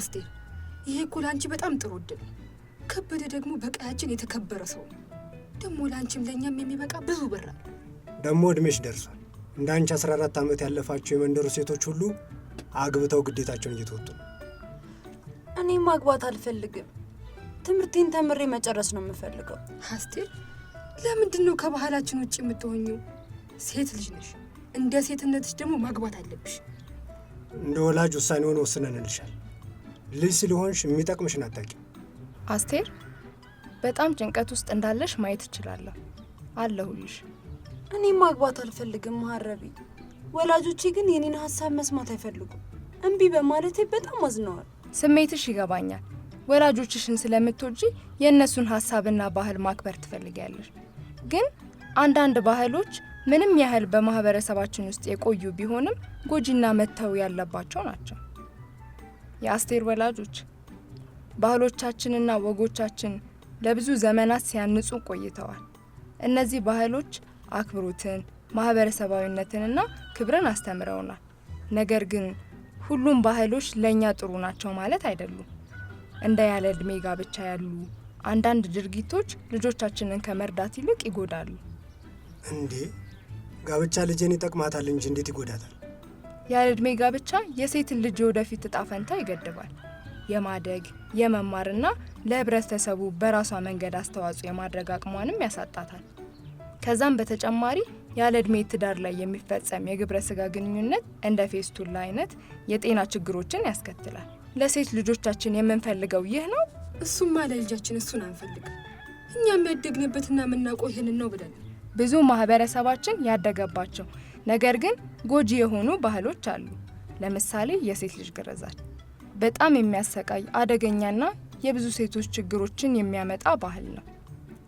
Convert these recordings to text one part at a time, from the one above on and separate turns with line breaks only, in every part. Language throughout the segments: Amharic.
አስቴር፣ ይሄ እኮ ለአንቺ በጣም ጥሩ እድል። ከበደ ደግሞ በቀያችን የተከበረ ሰው ነው። ደግሞ ለአንቺም ለእኛም የሚበቃ ብዙ ብር አለ።
ደግሞ እድሜሽ ደርሷል። እንደ አንቺ 14 ዓመት ያለፋቸው የመንደሩ ሴቶች ሁሉ አግብተው ግዴታቸውን እየተወጡ ነው።
እኔ ማግባት አልፈልግም። ትምህርቴን ተምሬ መጨረስ ነው የምፈልገው። አስቴር፣ ለምንድን ነው ከባህላችን ውጭ የምትሆኝው? ሴት ልጅ ነሽ። እንደ ሴትነትሽ ደግሞ ማግባት አለብሽ።
እንደ ወላጅ ውሳኔውን ወስነንልሻል። ልጅ ስለሆንሽ የሚጠቅምሽን አታውቂም።
አስቴር በጣም ጭንቀት ውስጥ እንዳለሽ ማየት እችላለሁ። አለሁልሽ።
እኔ ማግባት አልፈልግም መሀረቤ። ወላጆቼ ግን የኔን ሀሳብ መስማት አይፈልጉም። እምቢ በማለቴ በጣም አዝነዋል።
ስሜትሽ ይገባኛል። ወላጆችሽን ስለምትወጂ የእነሱን ሀሳብና ባህል ማክበር ትፈልጊያለሽ። ግን አንዳንድ ባህሎች ምንም ያህል በማህበረሰባችን ውስጥ የቆዩ ቢሆንም ጎጂና መተው ያለባቸው ናቸው። የአስቴር ወላጆች ባህሎቻችንና ወጎቻችን ለብዙ ዘመናት ሲያንጹ ቆይተዋል። እነዚህ ባህሎች አክብሮትን፣ ማህበረሰባዊነትንና ክብርን አስተምረውናል። ነገር ግን ሁሉም ባህሎች ለእኛ ጥሩ ናቸው ማለት አይደሉም። እንደ ያለ ዕድሜ ጋብቻ ያሉ አንዳንድ ድርጊቶች ልጆቻችንን ከመርዳት ይልቅ ይጎዳሉ።
እንዴ ጋብቻ ልጅን ይጠቅማታል እንጂ እንዴት ይጎዳታል?
ያለ ዕድሜ ጋብቻ የሴትን ልጅ ወደፊት እጣ ፈንታ ይገድባል። የማደግ የመማርና ለህብረተሰቡ በራሷ መንገድ አስተዋጽኦ የማድረግ አቅሟንም ያሳጣታል። ከዛም በተጨማሪ ያለ ትዳር ላይ የሚፈጸም የግብረ ስጋ ግንኙነት እንደ ፌስቱላ አይነት የጤና ችግሮችን ያስከትላል። ለሴት ልጆቻችን የምንፈልገው ይህ ነው።
እሱማ ለልጃችን እሱን አንፈልግም። እኛ የሚያደግንበትና የምናውቀው ይህንን ነው ብለን
ብዙ ማህበረሰባችን ያደገባቸው ነገር ግን ጎጂ የሆኑ ባህሎች አሉ። ለምሳሌ የሴት ልጅ ግርዛት በጣም የሚያሰቃይ አደገኛና የብዙ ሴቶች ችግሮችን የሚያመጣ ባህል ነው።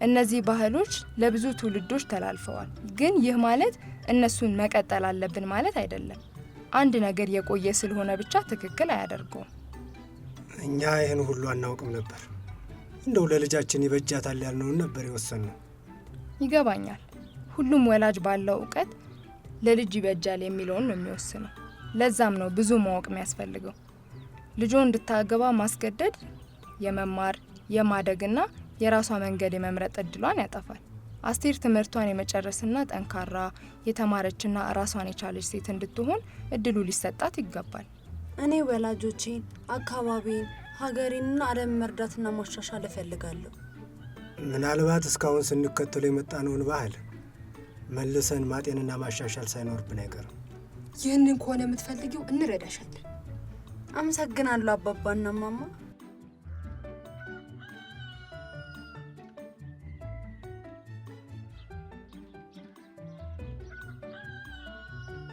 እነዚህ ባህሎች ለብዙ ትውልዶች ተላልፈዋል። ግን ይህ ማለት እነሱን መቀጠል አለብን ማለት አይደለም። አንድ ነገር የቆየ ስለሆነ ብቻ ትክክል አያደርገውም።
እኛ ይህን ሁሉ አናውቅም ነበር። እንደው ለልጃችን ይበጃታል ያልነውን ነበር ነው።
ይገባኛል። ሁሉም ወላጅ ባለው እውቀት ለልጅ ይበጃል የሚለውን ነው የሚወስነው። ለዛም ነው ብዙ ማወቅ የሚያስፈልገው። ልጆ እንድታገባ ማስገደድ የመማር የማደግና የራሷ መንገድ የመምረጥ እድሏን ያጠፋል። አስቴር ትምህርቷን የመጨረስና ጠንካራ የተማረችና ራሷን የቻለች ሴት እንድትሆን እድሉ ሊሰጣት ይገባል።
እኔ ወላጆቼን፣ አካባቢን፣ ሀገሬንና ዓለም መርዳትና ማሻሻል እፈልጋለሁ።
ምናልባት እስካሁን ስንከተሉ የመጣነውን ባህል መልሰን ማጤንና ማሻሻል ሳይኖርብን አይቀርም።
ይህንን ከሆነ የምትፈልጊው እንረዳሻለን። አመሰግናለሁ አባባና ማማ።